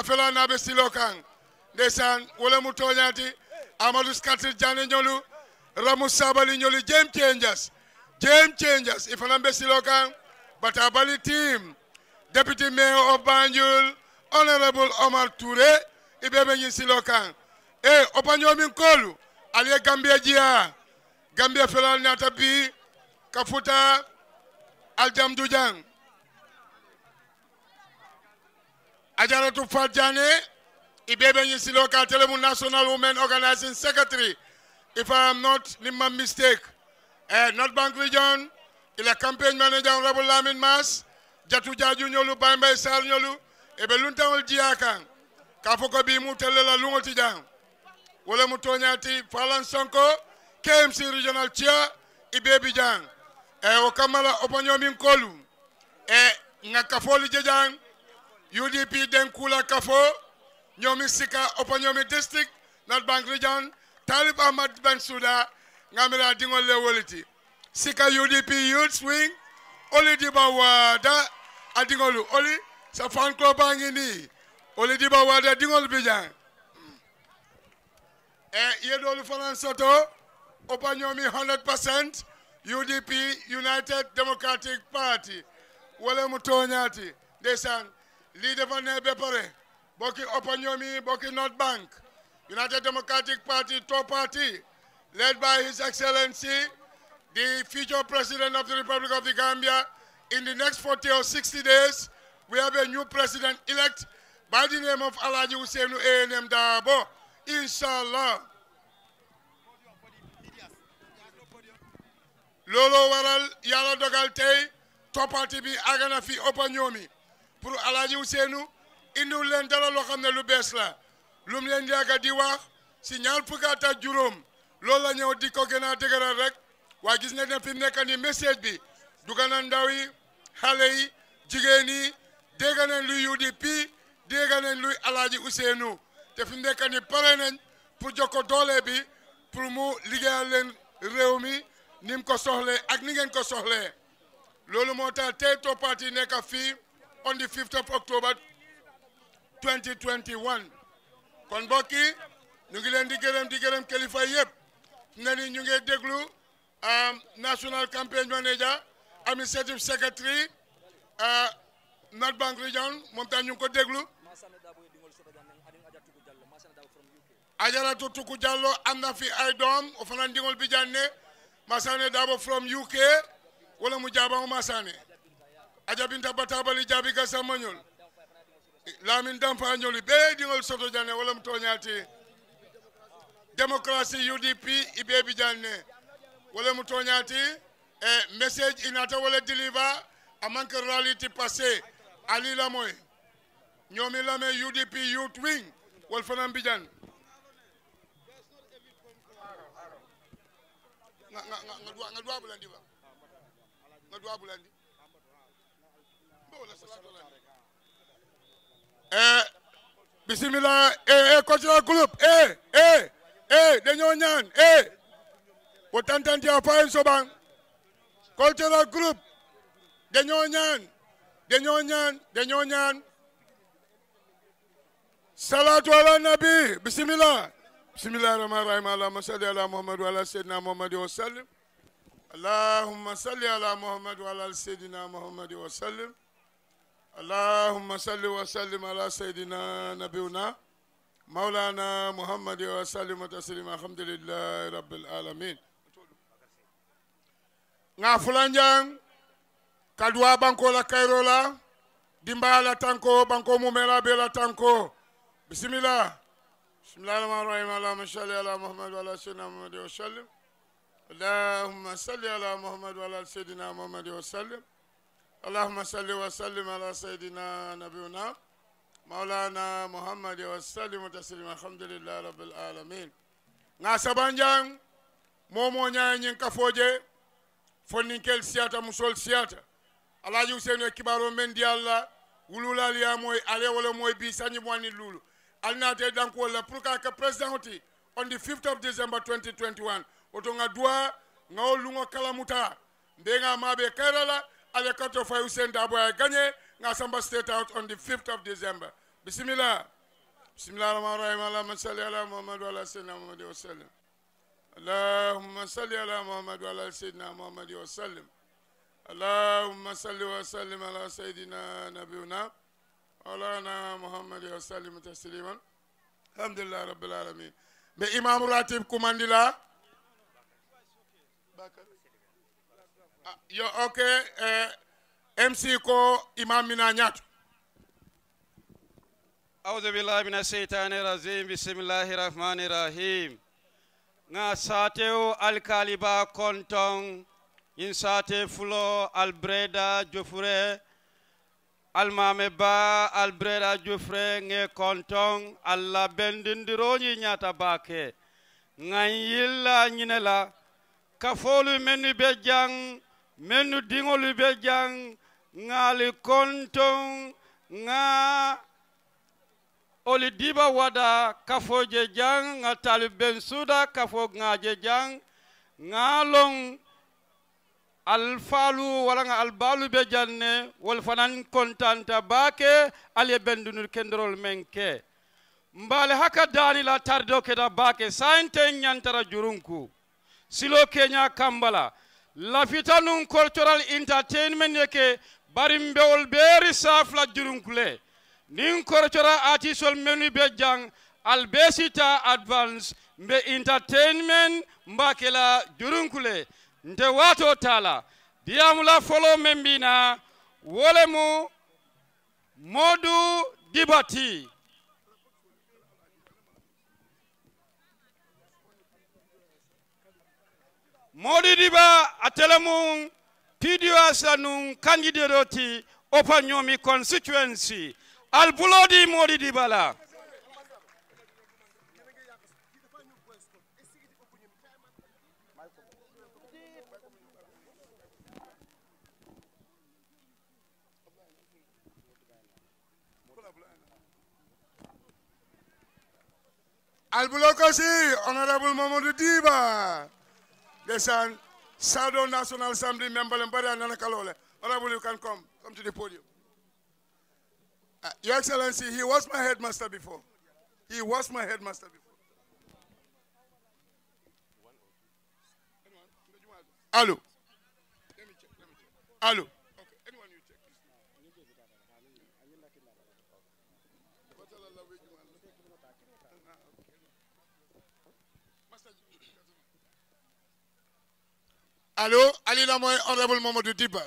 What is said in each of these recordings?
afela na be silo desan wole mu toñati amadou skatir jane ñolu ramu sabali ñolu game changers game changers ifana be silo kan bata bali team deputy mayor of banjul honorable omar touré ibebe ñi silo Eh e min kolu aliye gambia jiya gambia felal nata bi kafuta aljam dujang. to Fadjane, Ibebe Yisi Local Telemun National Women Organizing Secretary, if I am not in my mistake. Uh, North Bank Region, ila campaign manager Honorable Lamin Mas, Jatu Jaju Nyolu, Bamba Isar Nyolu, Ebe Luntanol Jiakan, Kafoko Bimu Telela Lungotijan, Wole Mutonyati, Falan Sonko, KMC Regional Chair, ibebe Jang, eh, Okamala Opanyomi Nkolu, eh, Ngakafoli Jejang, UDP Denkula Kafo, Nyomi Sika Opanyomi District, North Bank Region, Talib Ahmad Bensouda, Ngamira Dingol Lewoliti. Sika UDP Youth Swing, Oli wada Adingolu, Oli, sa fan club bangi ni, Oli Dibawada Dingol Bijan. Eh, Yedolu Fanan Soto, Opanyomi 100%, UDP United Democratic Party, Wale Mutonyati, Desan, Leader dafa ne ba pare bokki opinion North Bank United Democratic Party top party led by His Excellency the future President of the Republic of the Gambia in the next 40 or 60 days we have a new president elect by the name of Alaji Husseinu A N M and Dabo inshallah Lolo waral yàlla dogal tey toppati bi àgg pour alaaji Ousseynou indiwul leen dara loo xam ne lu bees la lum leen yàgga di wax si ñaar fukk juróom loolu la ñëw di ko gën a dëgëral rek waa gis nañ ne fi mu nekk nii message bi dugal na ndaw yi xale yi jigéen yi dégg nañ luy UDP dégg nañ luy alaaji Ousseynou te fi nekk nii pare nañ pour ko doole bi pour mu liggéeyal leen réew mi ni ko soxlee ak ni ngeen ko soxlee loolu moo tax tey toppati nekk fii. on the 5th of October 2021 kon bokki ñu ngi leen di gërëm di gërëm kilifa yépp ne ni ñu ngi déglu national campaign manager administrative secretary North Bank Region mom tam ñu ko déglu Ajaratu Tuku Jallo amna fi ay dom o fana ndingol bi janne Masane Dabo from UK wala mu jaabama Masane ajabinta batabali jaabi ga sammañol laamin dampañoli ɓe ɗiŋol soto jane walla mo toñati démocratie udp i ɓeeɓi janne walla mo toñati e message inata walla deliva a manque réalité passé ali lamoye ñoomi udp youth wing wol fanan mbijan eh bismillah eh eh cultural club eh eh eh dañoo ñaan eh bu tantantia fayin cultural club dañoo ñaan dañoo ñaan dañoo ñaan salatu ala nabi bismillah bismillah rahman rahim allahumma salli muhammad wa ala sayyidina muhammad salli ala muhammad wa ala muhammad wa sallim اللهم صل وسلم على سيدنا نبينا مولانا محمد وسلم تسليما الحمد لله رب العالمين nga fulanjang kadwa banko la kairo la dimba la tanko banko mumela be la tanko bismillah bismillah ar-rahman ar-rahim allahumma salli ala muhammad wa ala sayyidina muhammad wa sallim اللهم صل على محمد وعلى سيدنا محمد وسلم اللهم صل وسلم على سيدنا نبينا مولانا محمد وسلم تسليما الحمد لله رب العالمين ناسبانجان مومو نيان كفوجي fonninkel siyata musol siyata alaji usenu kibaro men di alla wululaliya moy ale wala moy bi sañi moani lulu alnate dank wala pour ka ka Presidenti on the 5th of december 2021 oto nga duwa nga o lungo kala muta ndenga mabe kerala avec 85 Hussein Daboy a gagné State out on the 5th of December. Bismillah. Bismillah ar-Rahman ar-Rahim. ala Muhammad ala Sayyidina wa sallim. Allahumma salli ala ala Sayyidina wa sallim. Allahumma salli wa sallim ala Sayyidina Nabiyuna. wa sallim Alhamdulillah Rabbil Alameen. Mais Imam Ratib Koumandila. Bakar. Ah, yo ok uh, eh, mc ko imam mina ñaato audu billahi mine cheytani rahim bisimillahi rahmani rahim ga satewo alkaliba konton yin sate fulo albreda jofre almame ba albreda jofre ge konton allah bendindiroñi ñata bake gan yilla ñinela kafolu menni be jang mennu diŋolu be jang ngali kontoŋ nga oli diba wada kafo je jang ŋa ben suda kafo ŋaje jaŋ ŋa loŋ alfalu wala nga albalu be janne ne fanan kontanta baake ali ben dunul kendrol menke mbale haka dani la tardo keta baake sayin teŋ ñantara jurunku silo kenya kambala lafita nun cultural entertainment yake barin bewol beeri safla jurunkule nin cultural artisol menu be jang al be advance mbe entertainment mbakela jurunkule nte wato tala diyamula folo membina wolemu modu dibati modidiba atelemu PDOS nun candidate ti upper Nyomi constituency albulodi modidiba Albulokasi, Honorable Mamadou Diba. Desan, "Southern National Assembly member and Mbari Ananakalole. Honorable, you can come. Come to the podium. Uh, Your Excellency, he was my headmaster before. He was my headmaster before. Hello. Let me check. Let me check. Hello. Okay. Anyone you check, Hello, Alina Moy, Honorable Mamadou Diba.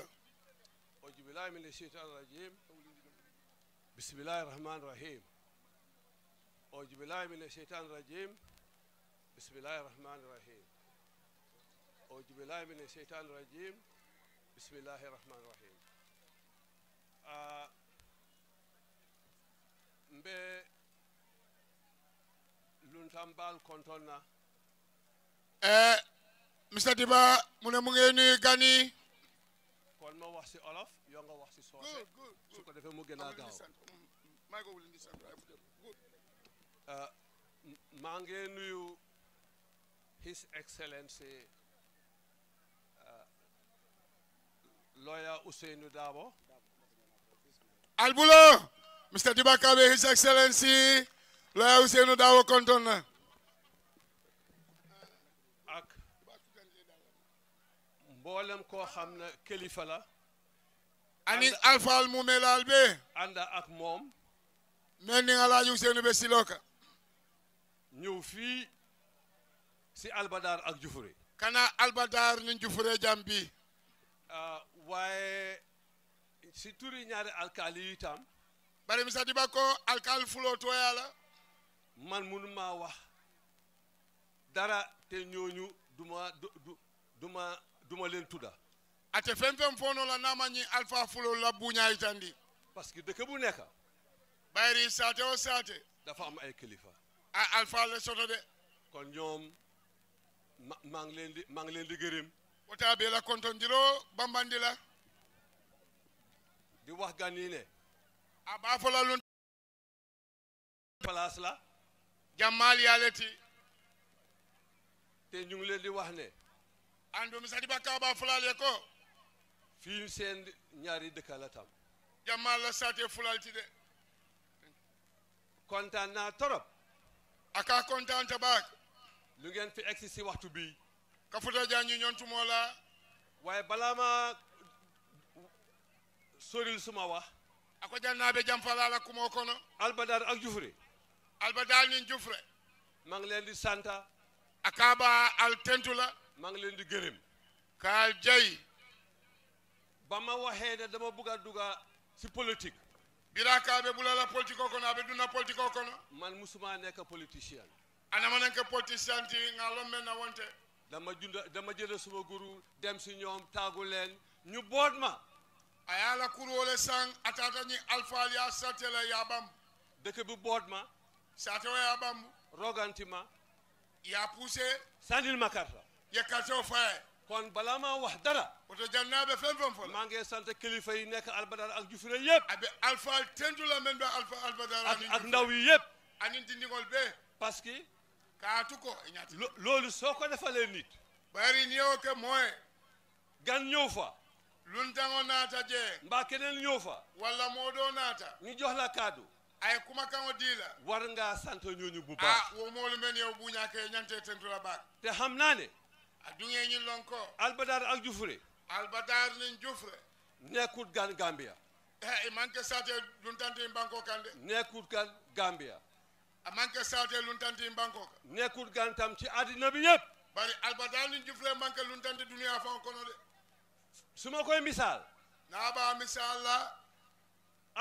بسم الله الرحمن الرحيم أعوذ بالله من الشيطان الرجيم بسم الله الرحمن الرحيم أعوذ بالله من الشيطان الرجيم بسم الله الرحمن الرحيم mbe luntam bal kontonna eh Mr Diba mu ne mu ngeen nuyu gan yi. kon wax si olof yoo wax si soose su ko mu gën a maa ngi mm, euh, nuyu His Excellency euh, lawyer Ousseynou Dabo. albulo Mr Diba Kebe His Excellency lawyer Ousseynou Dabo kontoon na. mboolem ko xam ne la ani alfaal mumelal albe anda ak mom, mel ni Alaaji Useynu be siloka fi fi si albadar ak jufure kana albadar ni jufure jambi. bi ah, waaye si turi ñaari alkali itam. Bare mi misa diba ko full fulo tooyaa la man munu maa wax dara te ñooñu duma duma duma leen ate fen fen fono la nama ñi alpha fulo la buña itandi parce que dëkk bu nekk bayri saate o saate dafa am ay kilifa a alpha la soto de kon ñoom ma ngi leen di maa leen di gërëm wota be la kontondiro bambandi la di wax gan yi ne a baa fo la lun place la jammaal yaaleti te ñu ngi leen di wax ne ando mi sadi bakka ba fulale ko fiin sen ñaari dëkkala tam jamma la sate fulalti de kontaan naa torop aka kontaan ta baak lu fi egsi si waxtu bi ka futa jañu ñontu la waaye balaa ma soril suma wax naa jannaaɓe jam falala kumo kono albadar ak jufre albadar nin jufre maa leen di santa akaaba al tentu la mang leen di gërëm kaal jey ba ma waxee ne dama duga si politique birakaaɓe la politique na kono du na politique ko na man musuma nek politicien man nek politicien ti nga mel na wonté dama jund dama jële suma guru dem ci ñom tagu leen ñu boot ma a ye la le sang atata ñi alpha ya sate la ya bam dekk bu boot ma sate ya roganti ma ya poussé sandil makarta yekkatoo faye kon balaa ma wax dara oto jannaaɓe fen fen fola maa ngi sant kilifa yi nekk albadara ak jufure yëpp aɓe tentula men ɓe alpha albadara ak ndaw yi yëpp anin dindigol ɓe parce que kaatu ko ñaati loolu soo ko defalee nit bari ñëw ke gan ñëw fa luntango naata jee mbaa keneen ñëw fa walla moo doo naata ñu jox la kaddu ay kuma kaŋo dii la war nga sant ñooñu bu ah, baax ah wo moolu men yow bu ñaakee ñantee tentu la te xam naa ne aduŋee ñi lonkoo albadaar ak jufure albadaar nin jufure nekkut gan gambia e eh, manke saate luntante banko kan de nekkut gan gambia a ah, manke saate luntante banko kan nekkut gan tam ci àddina bi yëpp bari albadaar nin jufure manke luntante duniyaa fan kono de su misaal naa baa misaal la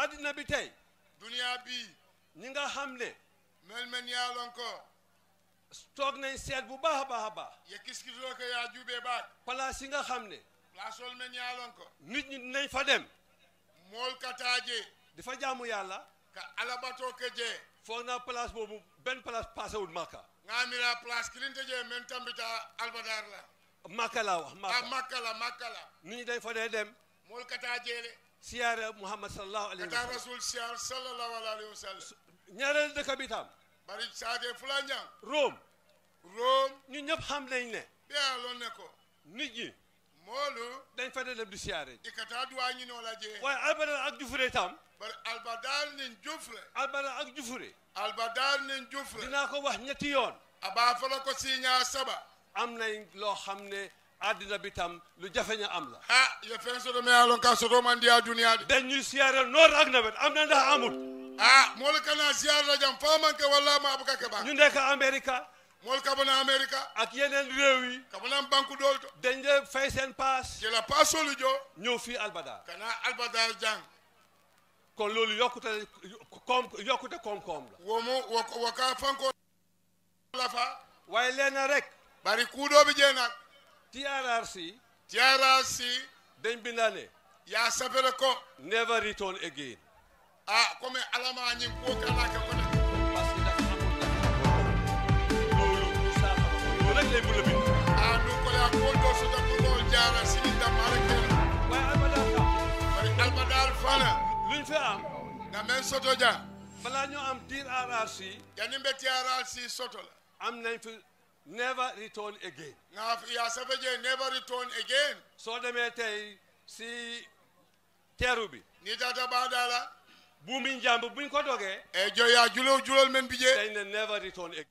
àddina bi tey duniyaa bii ñi nga xam ne mel toog nañ seet bu baax a baax a baax ye kiskitoo ko yaa juubee baat place yi nga xam ne place ol men ñaaloon ko nit ñi dinañ fa dem mool ka taajee dafa jaamu yàlla ka alabatoo ka jee foog naa place boobu benn place paasewul Makka nga mira place kilinte jee men tambita albadar la Makka laa wax Makka ah Makka la Makka la nit ñi dañ fa dee dem mool ka taajee le siyaare Muhammad sallallahu alayhi wa sallam ka taa rasul siyaar sallallahu alayhi wa sallam ñaareel dëkk bi tam hari saade fulañang ñu ñëpp xam nañ ne ɓeyalo ne ko nit ñi moolu dañ fa dem du siyaare ji ikata duwa ñi noola jee waaye albadal ak jufure tam bari albadal nen jufure albadal ak jufure albadal nen jufure dinaa ko wax ñetti yoon abaa fa ko siiñaa saba am nañ loo xam ne àddina bi tam lu jafeña am la ah yo fen soto me ka soto man di a duniya de dañuy siyaare noor ak nawet am na ndax ah mole kana ziara jam famanke walla ma abukake ba ñu nekk america mool kabana america ak yeneen réew yi kabana banku to dañ de fay seen paas ci la paasolu jo ñëw fii albadar kana albadar jang kon loolu yokkute koom yokkute la womo waka fanko lafa leena rek bari kuudoo jee nag TRRC TRRC dañ bindaane yaa sabere ko never return again ah comme ñi am going to am never return again never return again so bumin jambe buñ ko e eh, julol men bije never return again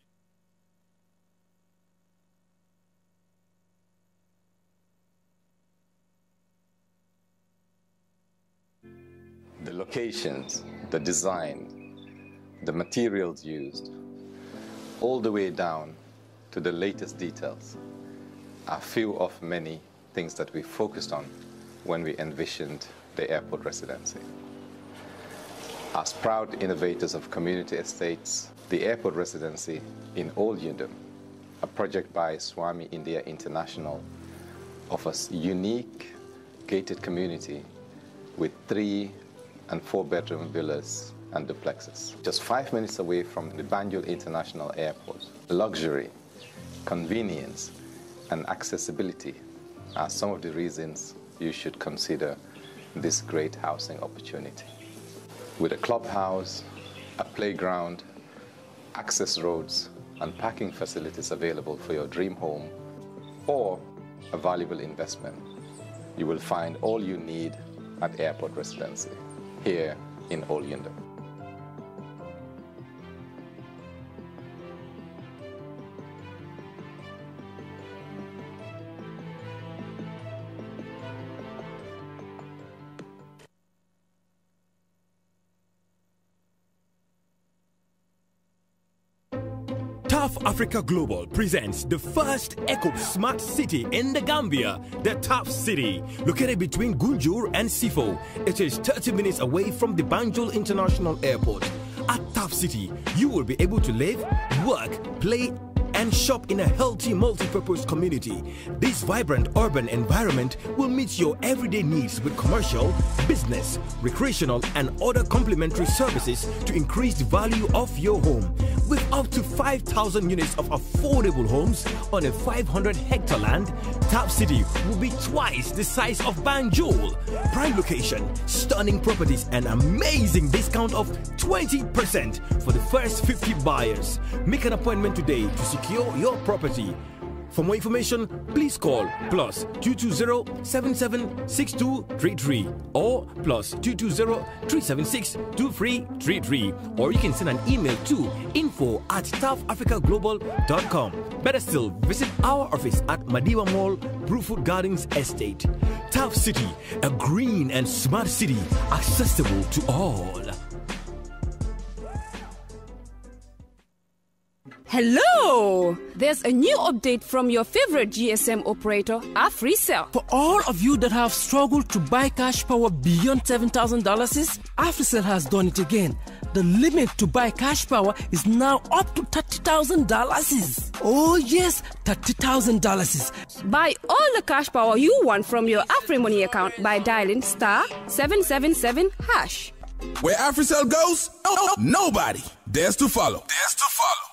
The locations, the design, the materials used, all the way down to the latest details, are few of many things that we focused on when we envisioned the airport residency as proud innovators of community estates, the airport residency in Old Yundum, a project by Swami India International, offers unique gated community with three and four bedroom villas and duplexes. Just five minutes away from the Banjul International Airport, luxury, convenience, and accessibility are some of the reasons you should consider this great housing opportunity with a clubhouse, a playground, access roads, and parking facilities available for your dream home or a valuable investment. You will find all you need at Airport Residency here in Olyndon. Africa Global presents the first eco smart city in the Gambia, the top City, located between Gunjur and Sifo. It is 30 minutes away from the Banjul International Airport. At Top City, you will be able to live, work, play, and shop in a healthy multi-purpose community. This vibrant urban environment will meet your everyday needs with commercial, business, recreational and other complementary services to increase the value of your home with up to 5,000 units of affordable homes on a 500 hectare land, Tap City will be twice the size of Banjul. Prime location, stunning properties, and amazing discount of 20% for the first 50 buyers. Make an appointment today to secure your property. For more information, please call plus 220-776233 or plus 220-376-2333 or you can send an email to info at tafafricaglobal.com. Better still, visit our office at Madiba Mall, Bruford Gardens Estate. Taf City, a green and smart city accessible to all. Hello! There's a new update from your favorite GSM operator, AfriCell. For all of you that have struggled to buy cash power beyond $7,000, AfriCell has done it again. The limit to buy cash power is now up to $30,000. Oh yes, $30,000. Buy all the cash power you want from your AfriMoney account by dialing star 777 hash. Where AfriCell goes, oh, nobody dares to follow. Dares to follow.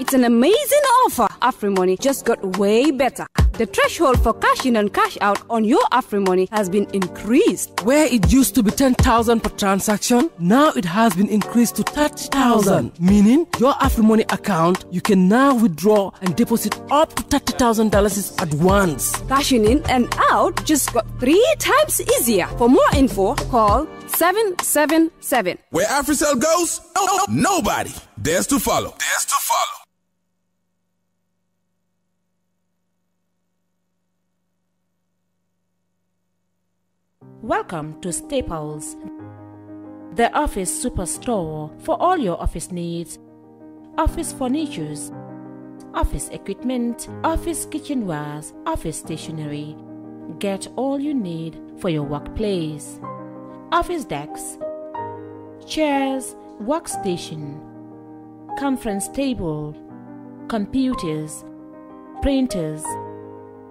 It's an amazing offer. AfriMoney just got way better. The threshold for cash in and cash out on your AfriMoney has been increased. Where it used to be 10,000 per transaction, now it has been increased to 30,000, meaning your AfriMoney account, you can now withdraw and deposit up to $30,000 at once. Cashing in and out just got three times easier. For more info, call 777. Where AfriCell goes, nobody dares to follow. Dares to follow. Welcome to Staples, the office superstore for all your office needs, office furnitures, office equipment, office kitchenwares, office stationery. Get all you need for your workplace. Office desks, chairs, workstation, conference table, computers, printers,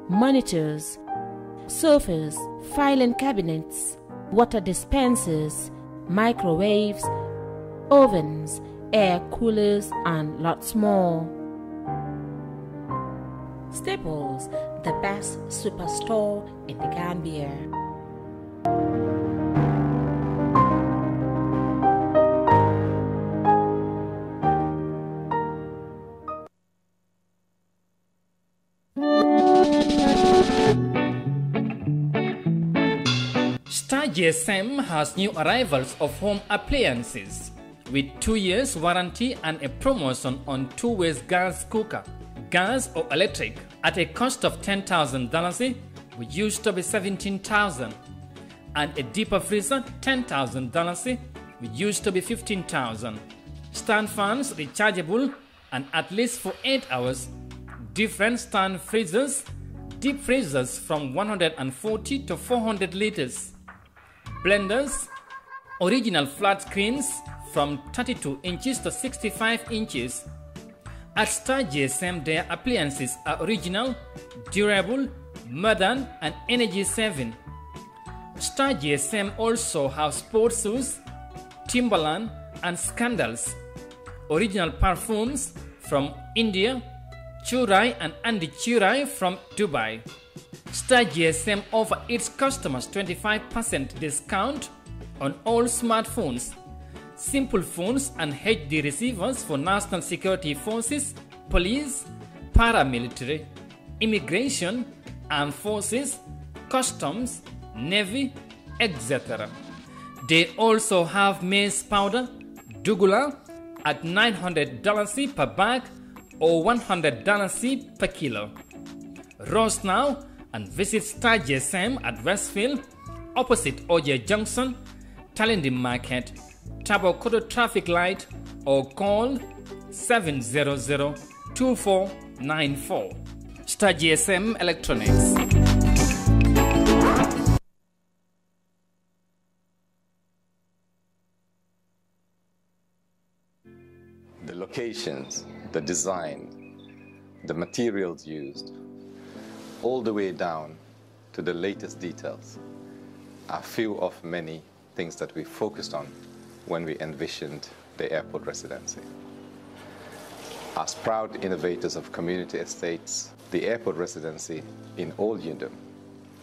monitors, sofas, filing cabinets, water dispensers, microwaves, ovens, air coolers, and lots more. Staples, the best superstore in the Gambia. GSM has new arrivals of home appliances with 2 years warranty and a promotion on 2 ways gas cooker, gas or electric at a cost of $10,000 which used to be 17,000 and a deeper freezer $10,000 which used to be 15,000. Stand fans rechargeable and at least for 8 hours. Different stand freezers, deep freezers from 140 to 400 liters blenders, original flat screens from 32 inches to 65 inches. At Star GSM, their appliances are original, durable, modern, and energy saving. Star GSM also have sports shoes, Timberland, and Scandals, original perfumes from India, Churai and Andy Churai from Dubai. Star GSM offer its customers 25% discount on all smartphones, simple phones and HD receivers for national security forces, police, paramilitary, immigration, armed forces, customs, navy, etc. They also have maize powder, dugula, at $900 per bag or $100 per kilo. Now and visit Star GSM at Westfield, opposite OJ Junction, Talendi Market, Tabokoto Traffic Light, or call 700 2494. Star GSM Electronics. The locations, the design, the materials used all the way down to the latest details are few of many things that we focused on when we envisioned the airport residency. As proud innovators of community estates, the airport residency in Old Yundum,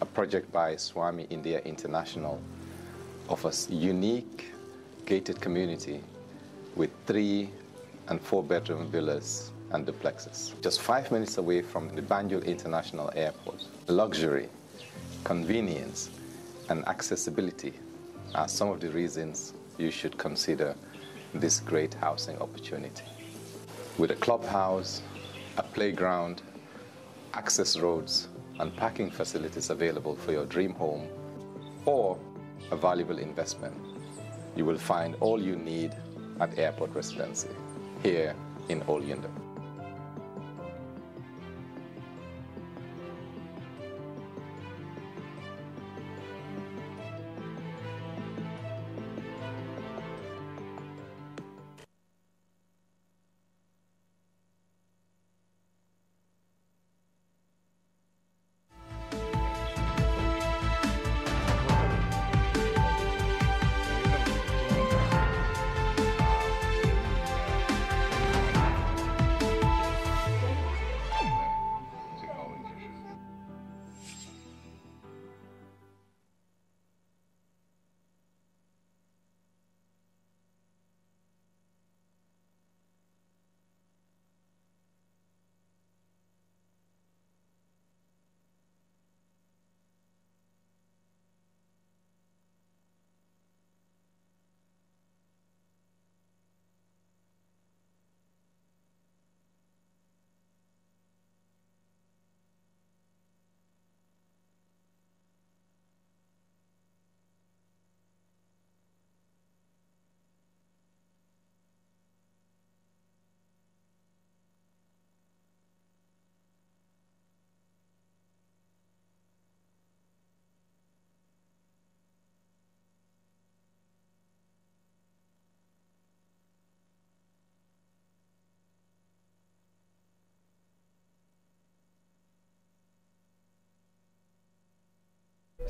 a project by Swami India International, offers unique gated community with three and four bedroom villas and duplexes. Just five minutes away from the Banjul International Airport. Luxury, convenience, and accessibility are some of the reasons you should consider this great housing opportunity. With a clubhouse, a playground, access roads, and parking facilities available for your dream home or a valuable investment, you will find all you need at Airport Residency here in Olyndon.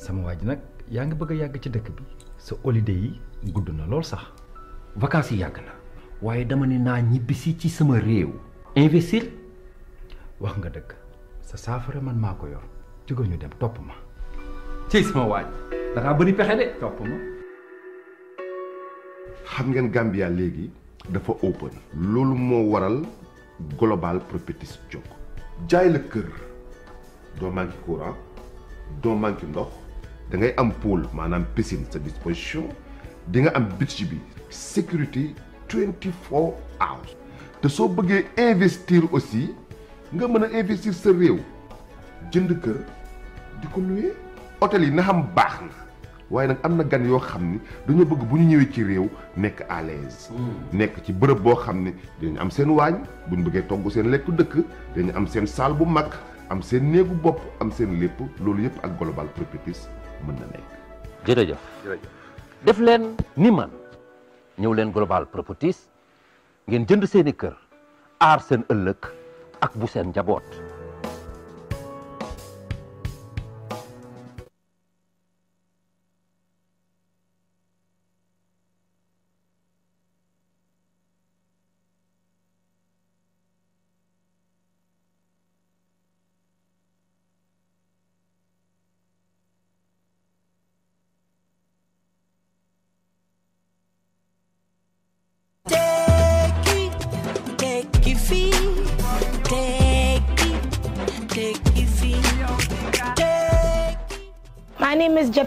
sama waa yang nag yaa ngi bëgg a ci dëkk bi sa holiday yi gudd na lool sax vacances yi yàgg na waaye dama ne naa ñibbisi ci sama réew investir wax nga dëgg sa saafara man maa ko yor jógal ñu dem topp ma ci sama waaj da ngaa bëri pexe de topp ma xam ngeen Gambia léegi dafa open loolu moo waral global properties jóg jaay la kër doo manqué courant doo manqué ndox da ngay am pool maanaam piscine sa disposition di nga am beach bi sécurité 24 hours te soo bëggee investir aussi nga mën a investir sa réew jënd kër di ko nuyee hôtel yi na xam baax na waaye nag am na gan yoo xam ni dañoo bëgg bu ñu ñëwee ci réew nekk à l'aise hmm. nekk ci bërëb boo xam ne dañu am seen waañ bu ñu bëggee togg seen lekku dëkk dañu am seen salle bu mag am seen néegu bopp am seen lépp loolu yëpp ak Global Properties jërëjëf def leen niman man ñëw leen global properties ngeen jënd seen i kër aar seen ëllëg ak bu seen njaboot.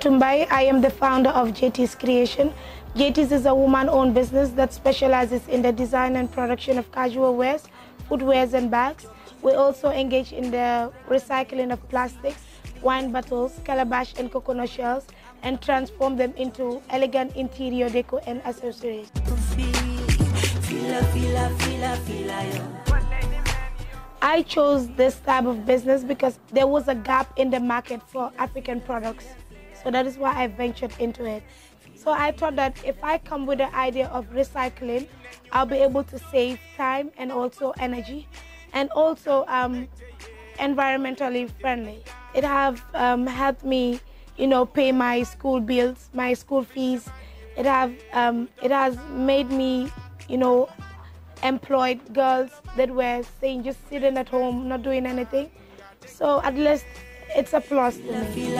Tumbai. I am the founder of JT's Creation. JT's is a woman-owned business that specializes in the design and production of casual wares, footwears and bags. We also engage in the recycling of plastics, wine bottles, calabash and coconut shells and transform them into elegant interior decor and accessories. I chose this type of business because there was a gap in the market for African products. So that is why I ventured into it. So I thought that if I come with the idea of recycling, I'll be able to save time and also energy and also um, environmentally friendly. It have um, helped me, you know, pay my school bills, my school fees. It have um, it has made me, you know, employed girls that were saying just sitting at home, not doing anything. So at least it's a plus The me.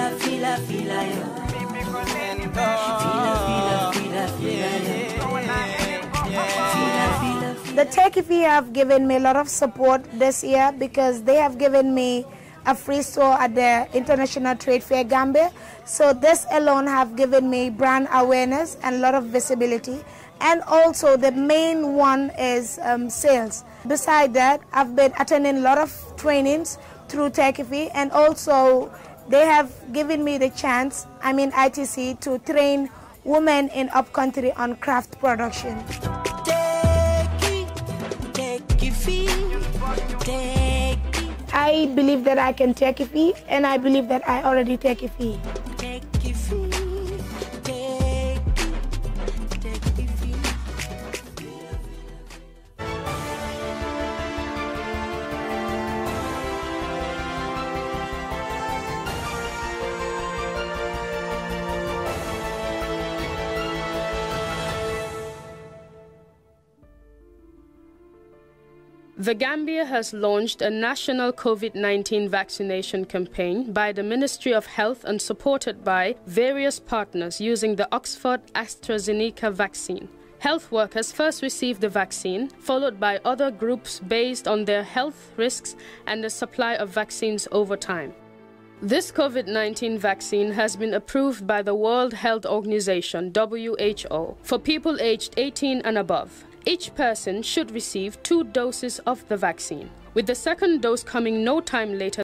The Techifi have given me a lot of support this year because they have given me a free store at the International Trade Fair Gambia. So this alone have given me brand awareness and a lot of visibility. And also the main one is um, sales. Beside that, I've been attending a lot of trainings through TechFE and also they have given me the chance, I mean ITC, to train women in upcountry on craft production. I believe that I can take a fee and I believe that I already take a fee. The Gambia has launched a national COVID 19 vaccination campaign by the Ministry of Health and supported by various partners using the Oxford AstraZeneca vaccine. Health workers first receive the vaccine, followed by other groups based on their health risks and the supply of vaccines over time. This COVID 19 vaccine has been approved by the World Health Organization, WHO, for people aged 18 and above. Each person should receive two doses of the vaccine, with the second dose coming no time later